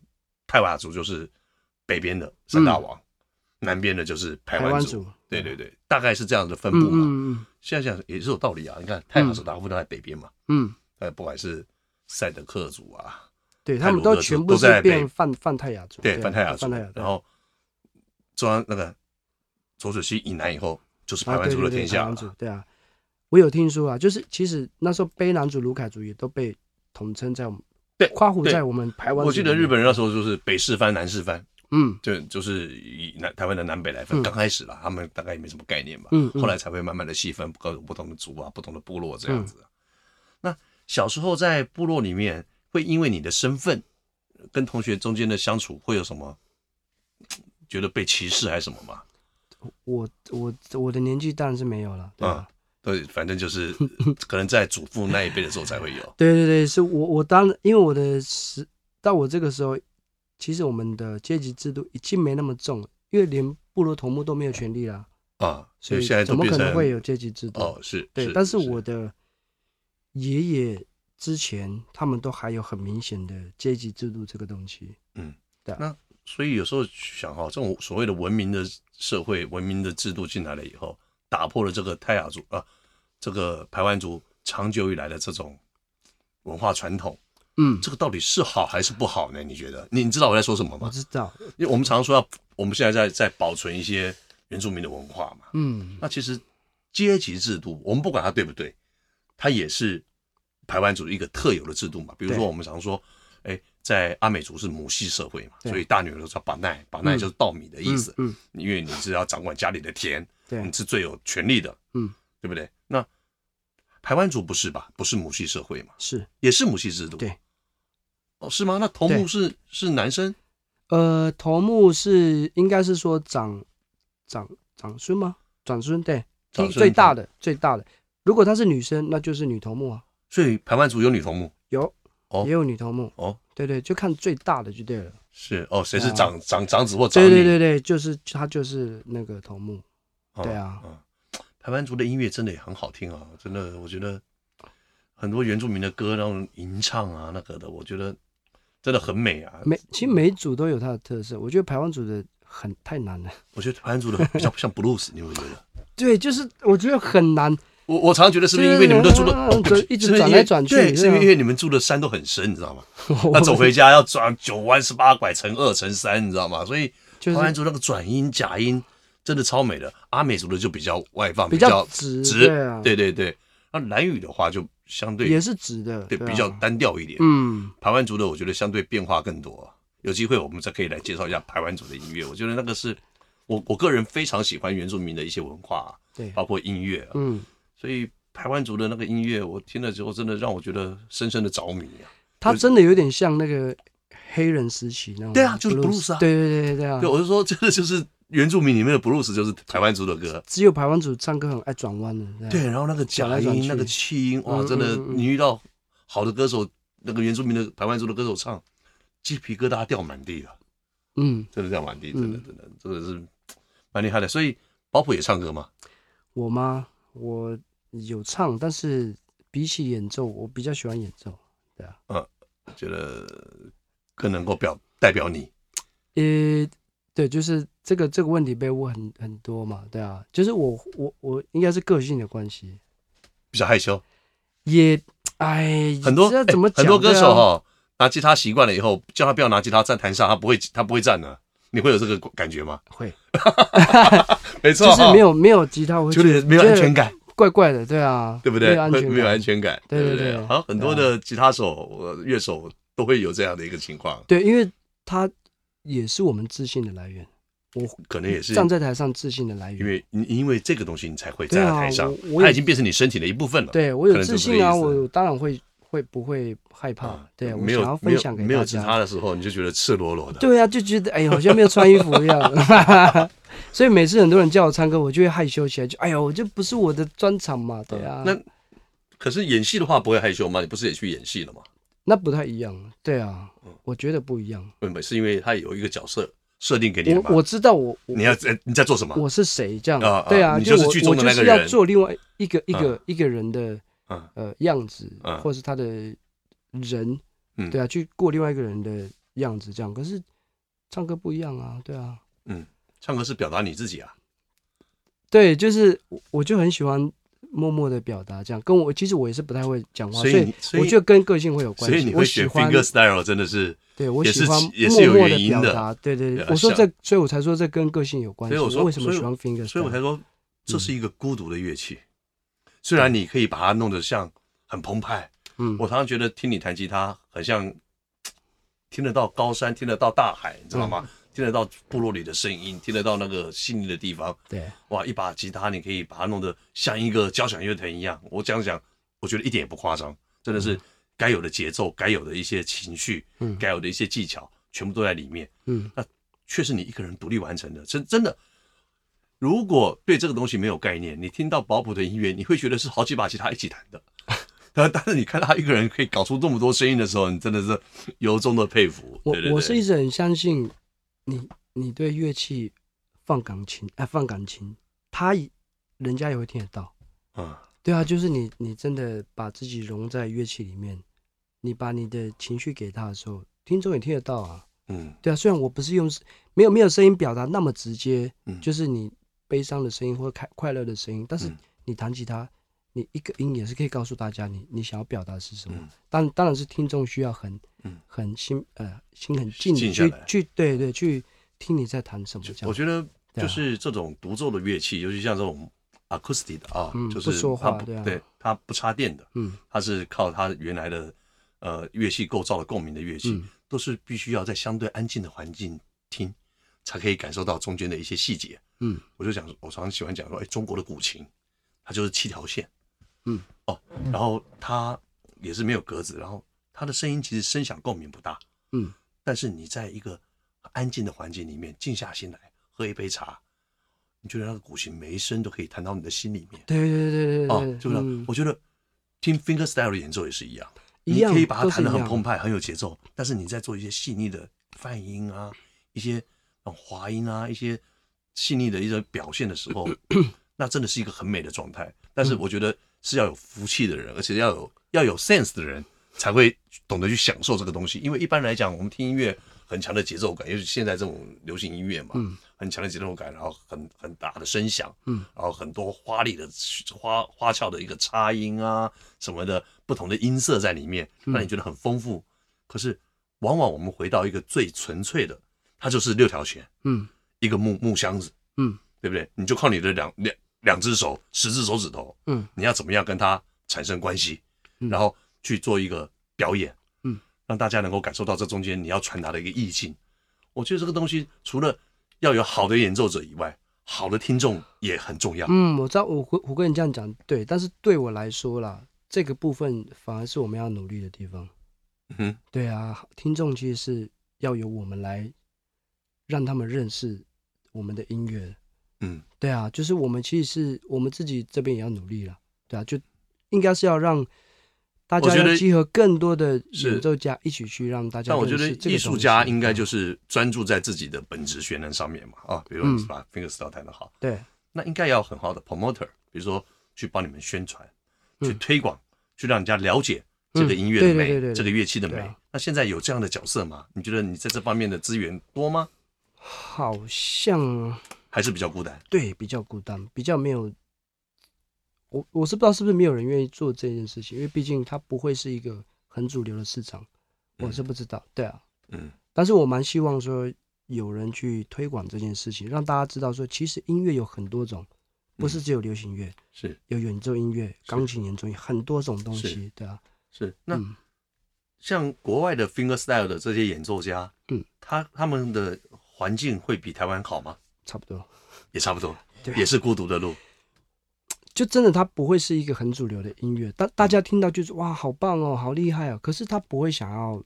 泰雅族就是北邊的三大王，嗯、南邊的就是排灣族，族。對對對，大概是這樣的分布嘛。嗯，嗯現在想也是有道理啊，你看泰雅族大部分都在北邊嘛。嗯。呃，不管是賽德克族啊。對他們都全部是變泛太都在，泛泛泰雅族，對泛泰雅族、族，然後，裝那個濁水溪以南以後、啊、就是排灣族的天下、啊，對對對。對啊，我有聽說啊，就是其實那時候卑南族、魯凱族也都被統稱在我們對，誇虎在我們排灣族，我記得日本人那時候就是北四番、南四番，嗯，就就是以南台灣的南北來分，剛、嗯、開始啦，他們大概也沒什麼概念吧，嗯，後來才會慢慢的細分，各種不同的族啊、不同的部落這樣子。嗯、那小時候在部落裡面，會因為你的身份跟同學中間的相處，會有什麼覺得被歧視還是什麼嗎？我我我的年紀當然是沒有了啊，對，反正就是可能在祖父那一輩的時候才會有。 對對對，是我我當因為我的時到我這個時候，其實我們的階級制度已經沒那麼重，因為連部落頭目都沒有權利了啊，所以現在怎麼可能會有階級制度？啊、哦，是對是是，但是我的爺爺。之前他們都還有很明顯的階級制度這個東西，嗯，對、啊。那所以有時候想哈，這種所謂的文明的社會、文明的制度進來了以後，打破了這個泰雅族啊、呃，這個排灣族長久以來的這種文化傳統，嗯，這個到底是好還是不好呢？你覺得？你你知道我在說什麼嗎？我知道。因為我們常說要，我們現在在在保存一些原住民的文化嘛，嗯，那其實階級制度，我們不管它對不對，它也是。台灣族一個特有的制度嘛，比如說我們常說，哎、欸，在阿美族是母系社會嘛，所以大女兒叫巴奈，巴奈就是稻米的意思嗯嗯，嗯，因為你是要掌管家裡的田，對，你是最有權力的，嗯，對不對？那排灣族不是吧？不是母系社會嘛？是，也是母系制度。對，哦，是嗎？那頭目是是男生？呃，頭目是應該是說長長長孫嗎？長孫對長孫，最大的最大的，最大的。如果他是女生，那就是女頭目啊。最排灣族有女頭目？有，哦，也有女頭目哦。對對，就看最大的就對了。是哦，誰是長長、啊、長子或長女？對對對對，就是他就是那個頭目、嗯。對啊，嗯、排灣族的音樂真的也很好聽啊，真的我覺得很多原住民的歌，然後吟唱啊那個的，我覺得真的很美啊。每其實每一組都有它的特色，我覺得排灣族的很太難了。我覺得排灣族的比較像像布魯斯，你會覺得？對，就是我覺得很難。我我常常覺得，是不是因為你們都住的、就是哦，對不是一直轉來轉去？是對，是因為，因為你們住的山都很深，你知道嗎？ 那走回家要轉九彎十八拐，乘二乘三，你知道嗎？所以排灣、就是、族那個轉音假音真的超美的。阿美族的就比較外放，比較直比較直。對啊，對對對。那、啊、藍語的話就相對也是直的，對，對、啊，比較單調一點。嗯，排灣族的我覺得相對變化更多、啊。有機會我們再可以來介紹一下排灣族的音樂。 我覺得那個是我我個人非常喜歡原住民的一些文化、啊，對，包括音樂、啊，嗯。所以排灣族的那個音樂，我聽了之後，真的讓我覺得深深的着迷啊！它真的有點像那個黑人時期那種對啊，Blues, 就是布魯斯啊，對對對對，對啊！對我就說，這個就是原住民裡面的布魯斯，就是排灣族的歌。只有排灣族唱歌很愛轉彎的，對，對。然後那個假音去，那個氣音，哇，真的嗯嗯嗯，你遇到好的歌手，那個原住民的排灣族的歌手唱，雞皮疙瘩掉滿地了，嗯，真的掉滿地，真的、嗯、真的，真的是蠻厲害的。所以保卜也唱歌嗎？我嘛，我。有唱，但是比起演奏，我比較喜歡演奏，對啊，嗯，覺得更能夠表代表你，也、欸，對，就是這個這個問題被問很很多嘛，對啊，就是我我我應該是個性的關係，比較害羞，也，哎，很多怎麼講、欸、很多歌手哈、啊，拿吉他習慣了以後，叫他不要拿吉他站台上，他不會他不會站的、啊，你會有這個感覺嗎？會， 沒錯，就是沒有沒有吉他，我覺得沒有安全感。怪怪的，對啊，對不對？沒有安全感，沒有安全感，對不對？對對對。好，很多的吉他手、啊、樂手都會有這樣的一個情況。對，因為它也是我們自信的來源。我可能也是站在台上自信的來源，因為因為這個東西你才會站在台上，它、啊、已經變成你身體的一部分了。對，我有自信啊，我當然會。會不會害怕？啊、對我、啊、沒有我想要分享給有沒有其他的時候，你就覺得赤裸裸的。對啊，就覺得哎呦，好像沒有穿衣服一樣。 所以每次很多人叫我唱歌，我就會害羞起來，就哎呦，這不是我的專場嘛，對啊。那可是演戲的話不會害羞嗎？你不是也去演戲了嗎？那不太一樣，對啊，嗯、我覺得不一樣。沒是因為他有一個角色設定給你我，我知道我，我你要你在做什麼？我是誰這樣、啊啊？對啊，你就是劇中的那個人。要做另外一個、啊、一個一個人的。嗯，呃，樣子，或是他的人，嗯，對啊，去過另外一個人的樣子，這樣，可是唱歌不一樣啊，對啊，嗯，唱歌是表達你自己啊，對，就是我我就很喜歡默默的表達這樣，跟我其實我也是不太會講話，所所，所以我覺得跟個性會有關係。所以你會選 finger style，喜歡真的是，是，對我喜歡默默也是有原因的，對對對，我說這，所以我才說這跟個性有關係，所以我說，我為什麼喜歡 finger？所以，所以我才說這是一個孤獨的樂器。嗯雖然你可以把它弄得像很澎湃，嗯，我常常覺得聽你彈吉他很像聽得到高山，聽得到大海，你知道嗎、嗯？聽得到部落裡的聲音，聽得到那個細膩的地方，對、嗯，哇，一把吉他你可以把它弄得像一個交響樂團一樣。我講講，我覺得一點也不誇張，真的是該有的節奏，該有的一些情緒，嗯，該有的一些技巧，全部都在裡面，嗯，那卻是你一個人獨立完成的，真真的。如果對這個東西沒有概念，你聽到保卜的音樂，你會覺得是好幾把吉他一起彈的。 但是你看他一個人可以搞出這麼多聲音的時候，你真的是由衷的佩服。對對對，我我是一直很相信你，你你對樂器放感情，哎，放感情，他人家也會聽得到。啊、嗯，對啊，就是你你真的把自己融在樂器裡面，你把你的情緒給他的時候，聽眾也聽得到啊。嗯，對啊，雖然我不是用沒有沒有聲音表達那麼直接，嗯、就是你。悲傷的聲音或者快快樂的聲音，但是你彈吉他，嗯，你一個音也是可以告訴大家你你想要表達是什麼。當、嗯、當然是聽眾需要很、嗯、很心呃心很靜的去去對對，對去聽你在彈什麼。我覺得就是這種獨奏的樂器，啊，尤其像這種 acoustic 的啊、嗯，就是不說話不對它，啊、不插電的，嗯，它是靠它原來的呃樂器構造的共鳴的樂器，嗯，都是必須要在相對安靜的環境聽。才可以感受到中間的一些細節。嗯，我就講，我常常喜歡講說，哎，中國的古琴，它就是七條線。嗯，哦，嗯，然後它也是沒有格子，然後它的聲音其實聲響共鳴不大。嗯，但是你在一個安靜的環境裡面，靜下心來喝一杯茶，你覺得那個古琴每一聲都可以彈到你的心裡面。對對對對對，是不是？我覺得聽 finger style 的演奏也是一樣，一樣，你可以把它彈得很澎湃，很有節奏。但是你在做一些細膩的泛音啊，一些。嗯、滑音啊，一些細膩的一些表現的時候， 那真的是一個很美的狀態。但是我覺得是要有福氣的人，嗯、而且要有要有 sense 的人，才會懂得去享受這個東西。因為一般來講，我們聽音樂很強的節奏感，尤其現在這種流行音樂嘛，嗯，很強的節奏感，然後很很大的聲響，嗯，然後很多華麗的花花俏的一個插音啊什麼的，不同的音色在裡面，讓你覺得很豐富，嗯。可是往往我們回到一個最純粹的。它就是六條弦，嗯，一個木木箱子，嗯，對不對？你就靠你的兩兩兩隻手，十隻手指頭，嗯，你要怎麼樣跟它產生關係，嗯，然後去做一個表演，嗯，讓大家能夠感受到這中間你要傳達的一個意境。我覺得這個東西除了要有好的演奏者以外，好的聽眾也很重要。嗯，我知道我，我我跟你這樣講，對，但是對我來說啦，這個部分反而是我們要努力的地方。嗯，對啊，聽眾其實是要由我們來。讓他們認識我們的音樂，嗯，對啊，就是我們其實是我們自己這邊也要努力了，對啊，就應該是要讓大家覺得要集合更多的演奏家一起去讓大家。但我覺得藝術家應該就是專注在自己的本職學能上面嘛、嗯，啊，比如說把 fingerstyle 彈得好，對、嗯，那應該要很好的 promoter，比如說去幫你們宣傳、嗯、去推廣、去讓人家了解這個音樂的美、嗯對對對對對、這個樂器的美、啊。那現在有這樣的角色嗎？你覺得你在這方面的資源多嗎？好像還是比較孤單，對，比較孤單，比較沒有。我我是不知道是不是沒有人願意做這件事情，因為畢竟它不會是一個很主流的市場，我是不知道。嗯、對啊，嗯，但是我蠻希望說有人去推廣這件事情，讓大家知道說其實音樂有很多種，嗯、不是只有流行樂，是，有演奏音樂、鋼琴演奏音很多種東西，對啊，是。那、嗯、像國外的 finger style 的這些演奏家，嗯，他他們的。環境會比台灣好嗎？差不多，也差不多，啊、也是孤獨的路。就真的，他不會是一個很主流的音樂，大大家聽到就是哇，好棒哦，好厲害啊、哦。可是他不會想要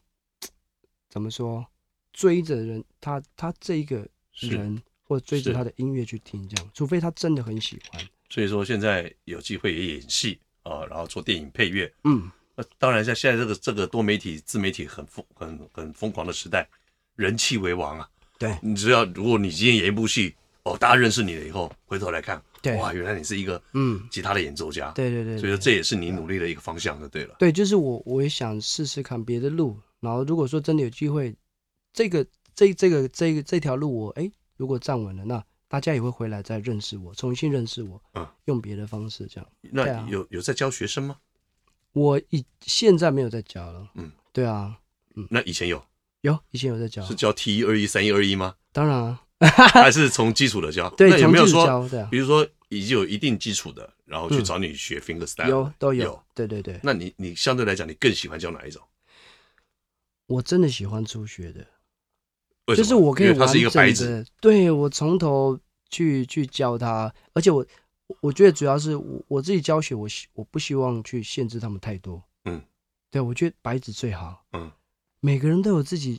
怎麼說追着人，他他這個人，或者追着他的音樂去聽這樣，除非他真的很喜歡。所以說，現在有機會也演戲啊、呃，然後做電影配樂，嗯，那當然像現在這個這個多媒體自媒體很瘋很很，很瘋狂的時代，人氣為王啊。對，你只要如果你今天演一部戲，哦，大家認識你了以後，回頭來看，對，哇，原來你是一個嗯吉他的演奏家，嗯、對，對對對，所以說這也是你努力的一個方向的，對了，對，就是我我也想試試看別的路，然後如果說真的有機會，這個這這個這這條路我哎、欸，如果站穩了，那大家也會回來再認識我，重新認識我，嗯，用別的方式這樣。那有、啊、有在教學生嗎？我以現在沒有在教了，嗯，對啊，嗯，那以前有。有，以前有在教，是教 T 一二一三一二一嗎？當然啊， 還是從基礎的教。對，有沒有說、啊？比如說已經有一定基礎的，然後去找你學 finger style，、嗯、有都有，有。對對對。那你你相對來講，你更喜歡教哪一種？我真的喜歡初學的，就是我可以，因為他是一個白紙，對，我從頭去去教他，而且我我覺得主要是我自己教學，我我不希望去限制他們太多。嗯，對，我覺得白紙最好。嗯。每個人都有自己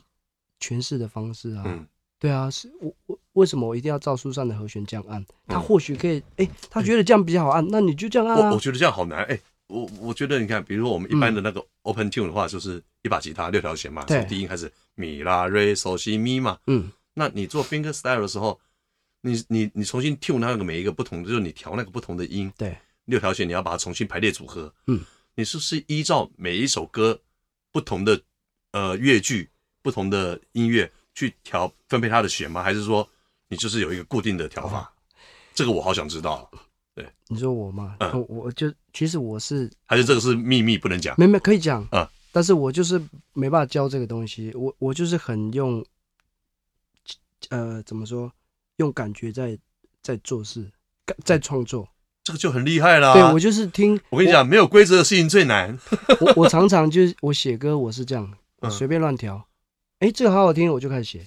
詮釋的方式啊，嗯、對啊，是我我為什麼我一定要照書上的和弦這樣按？嗯、他或許可以，哎、欸，他覺得這樣比較好按，嗯、那你就這樣按啊。我我覺得這樣好難，哎、欸，我我覺得你看，比如說我們一般的那個 open tune 的話，嗯、就是一把吉他六條弦嘛，從低音開始，咪啦、瑞、嗦、西、咪嘛，嗯，那你做 finger style 的時候，你你你重新 tune 那個每一個不同的，就是你調那個不同的音，對，六條弦你要把它重新排列組合，嗯，你是不是依照每一首歌不同的？呃，樂曲不同的音樂去調分配它的弦嗎？還是說你就是有一個固定的調法？嗯、這個我好想知道。對，你說我嘛，我、嗯、我就其實我是還是這個是秘密，嗯、不能講。沒沒可以講啊、嗯，但是我就是沒辦法教這個東西。我我就是很用呃怎麼說用感覺在在做事在創作、嗯，這個就很厲害啦。對我就是聽我跟你講，沒有規則的事情最難。我我常常就是我寫歌，我是這樣。隨、嗯、便亂調，哎、欸，這個好好聽，我就開始寫。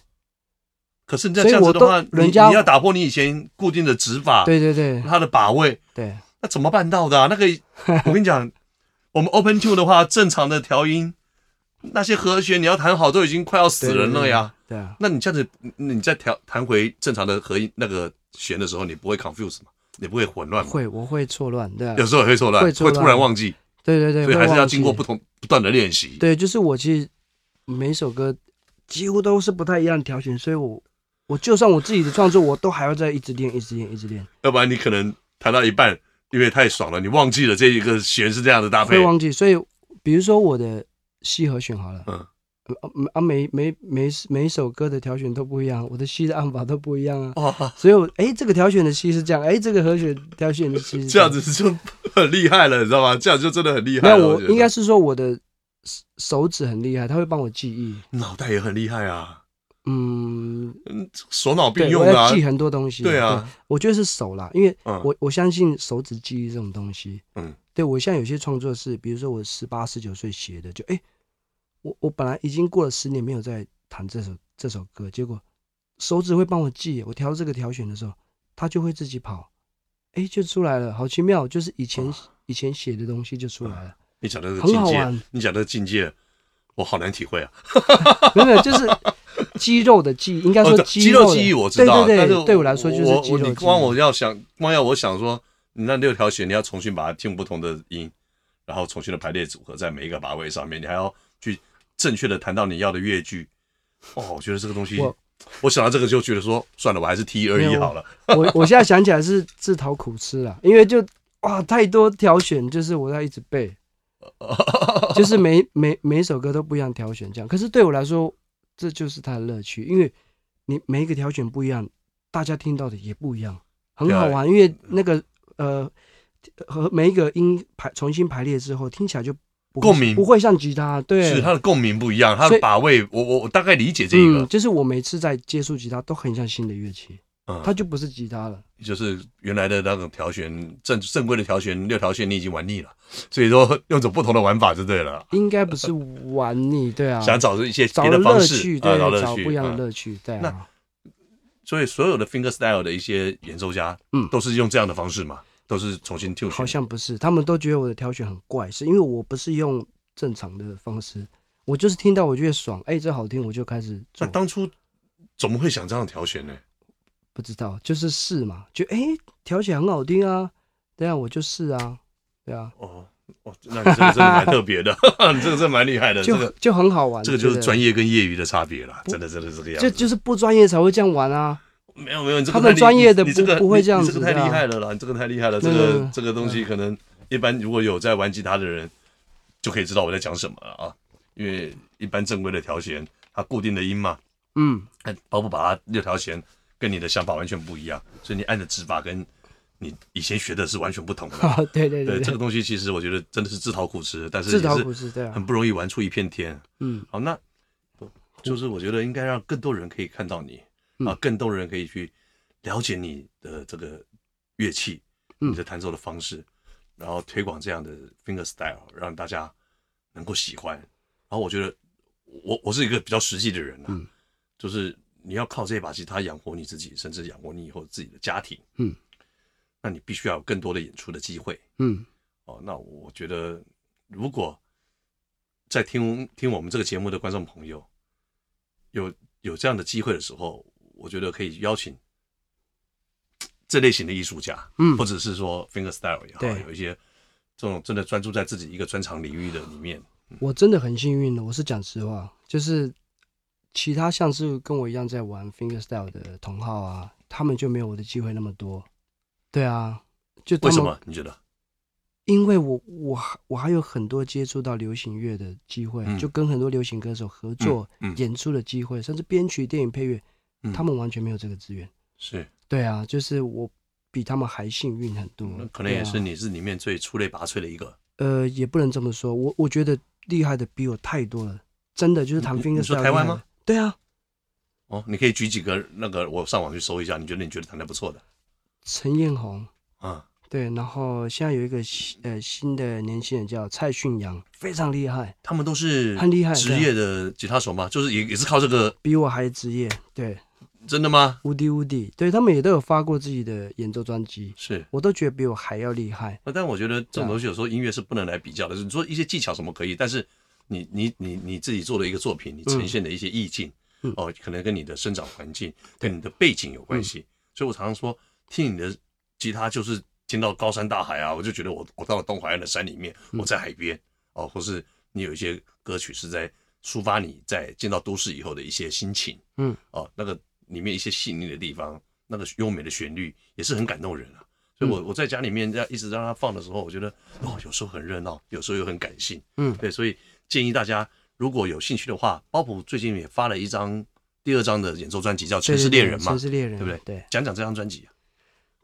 可是你在這樣子的話，人家你你要打破你以前固定的指法，對對對，他的把位，對，那怎麼辦到的、啊？那個， 我跟你講，我們 open tune 的話， 正常的調音，那些和弦你要彈好，都已經快要死人了呀，對對對。對啊。那你這樣子，你再調彈回正常的和音那個弦的時候，你不會 confuse 嗎？你不會混亂嗎？會，我會錯亂，對、啊。有時候也會錯亂，會突然忘記。對對對，所以還是要經過不同不斷的練習。對，就是我其實。每首歌幾乎都是不太一樣的挑選，所以我，我我就算我自己的創作， 我都還要再一直練，一直練，一直練。要不然你可能彈到一半，因為太爽了，你忘記了這一個弦，是這樣的搭配，會忘記。所以，比如說我的 C 和弦，好了，嗯，啊，每每每每首歌的挑選都不一樣，我的 C 的按法都不一樣啊。哦，所以我，我哎，這個挑選的 C 是這樣，哎，這個和弦挑選的 C 這，這樣子就很厲害了，你知道嗎？這樣子就真的很厲害。那我，我應該是說我的。手指很厲害，他會幫我記憶。腦袋也很厲害啊。嗯，手腦並用的啊。我要記很多東西。對啊對，我覺得是手啦，因為我、嗯、我相信手指記憶這種東西。嗯，對我現在有些創作是，比如說我十八、十九歲寫的，就哎、欸，我我本來已經過了十年沒有再彈這首這首歌，結果手指會幫我記，我調這個調弦的時候，他就會自己跑，哎、欸，就出來了，好奇妙，就是以前、嗯、以前寫的東西就出來了。嗯你講的這個境界，你講的境界，我好難體會啊。 沒有，就是肌肉的記憶，應該說肌肉記憶，哦，我知道。對對對，但是對我來說就是肌肉。你光我要想，光要我想說，你那六條弦，你要重新把它聽不同的音，然後重新的排列組合在每一個把位上面，你還要去正確的彈到你要的樂句。哦，我覺得這個東西我，我想到這個就覺得說，算了，我還是 T 21好了。 我我，我現在想起來是自討苦吃啊，因為就哇太多挑選，就是我在一直背。 就是每每每一首歌都不一樣挑選這樣，可是對我來說，這就是他的樂趣，因為你每一個挑選不一樣，大家聽到的也不一樣，很好玩。Yeah. 因為那個呃，和每一個音排重新排列之後，聽起來就不會，共鳴，不會像吉他對，是他的共鳴不一樣，他的把位我我大概理解這個，嗯，就是我每次在接觸吉他都很像新的樂器。嗯、它就不是吉他了，就是原來的那種調弦，正正規的調弦，六條弦你已經玩膩了，所以說用種不同的玩法就對了。應該不是玩膩，對啊。 想找一些別的方式，找樂趣、對，啊，找樂趣，找不一樣的樂趣、嗯，對啊。那，所以所有的 finger style 的一些演奏家，嗯，都是用這樣的方式嘛，都是重新調弦。好像不是，他們都覺得我的調弦很怪，是因為我不是用正常的方式，我就是聽到我覺得爽，哎、欸，這好聽，我就開始。那當初怎麼會想這樣調弦呢？不知道，就是試嘛，就誒，調、欸、起來很好聽啊，對啊，我就試啊，對啊。哦哦，那你這個真的蠻特別的， 你這個真的蠻厲害的，就這個就很好玩。這個就是專業跟業餘的差別啦，真的真的是這樣。就就是不專業才會這樣玩啊。沒有沒有，你這個你他們專業的不，、這個、不，不會這樣，子這樣，這個太厲害了啦，你這個太厲害了，這個、嗯、這個東西可能一般如果有在玩吉他的人就可以知道我在講什麼了啊，因為一般正規的調弦它固定的音嘛，嗯，包括把它六條弦。跟你的想法完全不一樣，所以你按的指法跟你以前學的是完全不同的。Oh, 對對對，對，對，這個東西其實我覺得真的是自討苦吃，但是，自討苦吃，是很不容易玩出一片天。嗯、啊，好，那就是我覺得應該讓更多人可以看到你、嗯、啊，更多人可以去了解你的這個樂器，你的彈奏的方式，嗯、然後推廣這樣的 finger style，讓大家能夠喜歡。然後我覺得我我是一個比較實際的人、啊、嗯就是。你要靠這把吉他養活你自己，甚至養活你以後自己的家庭。嗯，那你必須要有更多的演出的機會。嗯，哦，那我覺得，如果在聽聽我們這個節目的觀眾朋友有有這樣的機會的時候，我覺得可以邀請這類型的藝術家，嗯，或者是說 finger style，也好，有一些這種真的專注在自己一個專長領域的裡面。嗯，我真的很幸運的，我是講實話，就是。其他像是跟我一樣在玩 fingerstyle 的同好啊，他們就沒有我的機會那麼多。對啊，就為什麼你覺得？因為我我我還有很多接觸到流行樂的機會，嗯，就跟很多流行歌手合作演出的機會，嗯嗯，甚至編曲、電影配樂，嗯，他們完全沒有這個資源。是。對啊，就是我比他們還幸運很多。那可能也是你是裡面最出類拔萃的一個。啊，呃，也不能這麼說，我我覺得厲害的比我太多了，真的就是彈 fingerstyle，嗯，你說台灣嗎？對啊，哦，你可以舉幾個那個，我上網去搜一下，你覺得你覺得彈的不錯的。陳燕紅、嗯、對，然後現在有一個呃新的年輕人叫蔡訓陽，非常厲害。他們都是很厲害，職業的吉他手嘛、啊，就是也也是靠這個。比我還職業，對。真的嗎？無敵無敵，對他們也都有發過自己的演奏專輯，是我都覺得比我還要厲害。那但我覺得這種東西有時候音樂是不能來比較的、啊，你說一些技巧什麼可以，但是。你你你你自己做的一個作品，你呈現的一些意境、嗯嗯，哦，可能跟你的生長環境、跟你的背景有關係、嗯。所以我常常說，聽你的吉他就是聽到高山大海啊，我就覺得我我到了東海岸的山裡面，嗯、我在海邊哦，或是你有一些歌曲是在抒發你在見到都市以後的一些心情，嗯，哦，那個裡面一些細膩的地方，那個優美的旋律也是很感動人啊。所以，我我在家裡面這樣一直讓它放的時候，我覺得哦，有時候很熱鬧，有時候又很感性，嗯，對，所以。建議大家如果有興趣的話，保卜最近也發了一張第二張的演奏專輯，叫《城市獵人》嘛，對對對，《城市獵人》對不對？對，講講這張專輯。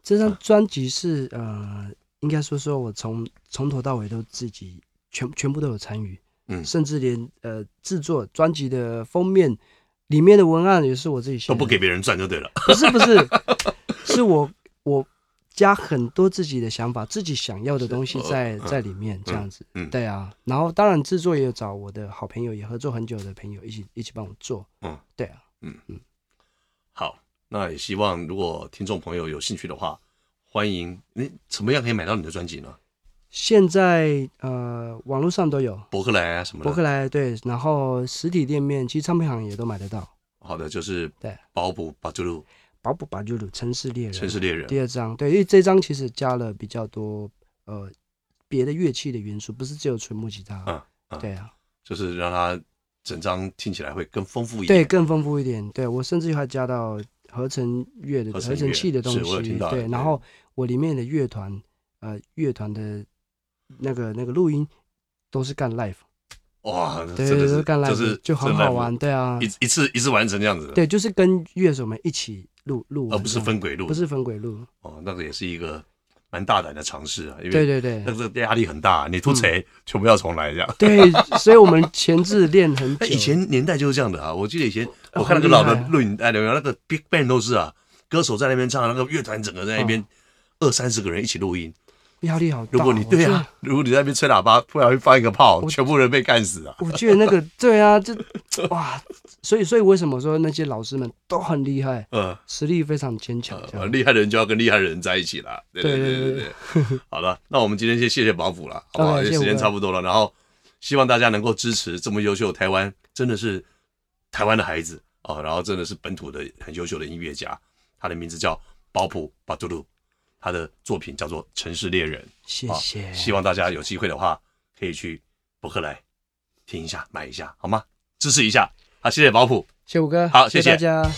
這張專輯是呃，應該說說我從從頭到尾都自己全全部都有參與，嗯，甚至連呃制作專輯的封面、裡面的文案也是我自己寫的，都不給別人賺就對了。不是不是，是我我。加很多自己的想法，自己想要的東西在、呃、在裡面，嗯、這樣子、嗯，對啊。然後當然制作也有找我的好朋友，也合作很久的朋友一起一起幫我做，嗯，對啊，嗯嗯。好，那也希望如果聽眾朋友有興趣的話，歡迎你怎麼樣可以買到你的專輯呢？現在呃，網絡上都有，博客來啊什麼的，博客來對，然後實體店面，其實唱片行也都買得到。好的，就是保卜保卜對，保卜‧巴督路。《保卜，保卜就是《城市獵人》，城市獵人第二張，對，因為這張其實加了比較多呃別的樂器的元素，不是只有純木吉他。啊、嗯嗯，對啊。就是讓它整張聽起來會更豐富一點。對，更豐富一點。對，我甚至還加到合成樂的合成，合成器的東西。對，然後我裡面的樂團呃樂團的那個那個錄音都是幹 live 哇，對的是幹 live 就是 live，就是，就很好玩。對啊，一一次一次完成這樣子。對，就是跟樂手們一起。錄錄，而不是分軌錄，不是分軌錄。哦，那個也是一個蠻大膽的嘗試啊，因為對對對，那個壓力很大，你出錯、嗯、就不要重來這樣。對， 所以，我們前置練很以前年代就是這樣的啊，我記得以前我看那個老的錄影帶裡面、啊，那個 Big Band 都是啊，歌手在那邊唱，那個樂團整個在那邊二三十個人一起錄音。壓力好大，如果你對啊，如果你在那邊吹喇叭，突然會放一個炮，全部人被幹死啊！我覺得那個，對啊，就哇，所以所以為什麼說那些老師們都很厲害，嗯，實力非常堅強，厲、嗯嗯、害的人就要跟厲害的人在一起啦，對對對對，對，對，對 好了，那我們今天先謝謝保卜了，好不好？時間差不多了，謝謝，然後希望大家能夠支持這麼優秀的台灣，真的是台灣的孩子啊、哦，然後真的是本土的很優秀的音樂家，他的名字叫保卜巴督路。他的作品叫做《城市獵人》，謝謝、哦。希望大家有機會的話，可以去博客來聽一下謝謝、買一下，好嗎？支持一下。好，謝謝保卜，謝謝五哥，好，謝謝，謝,謝大家。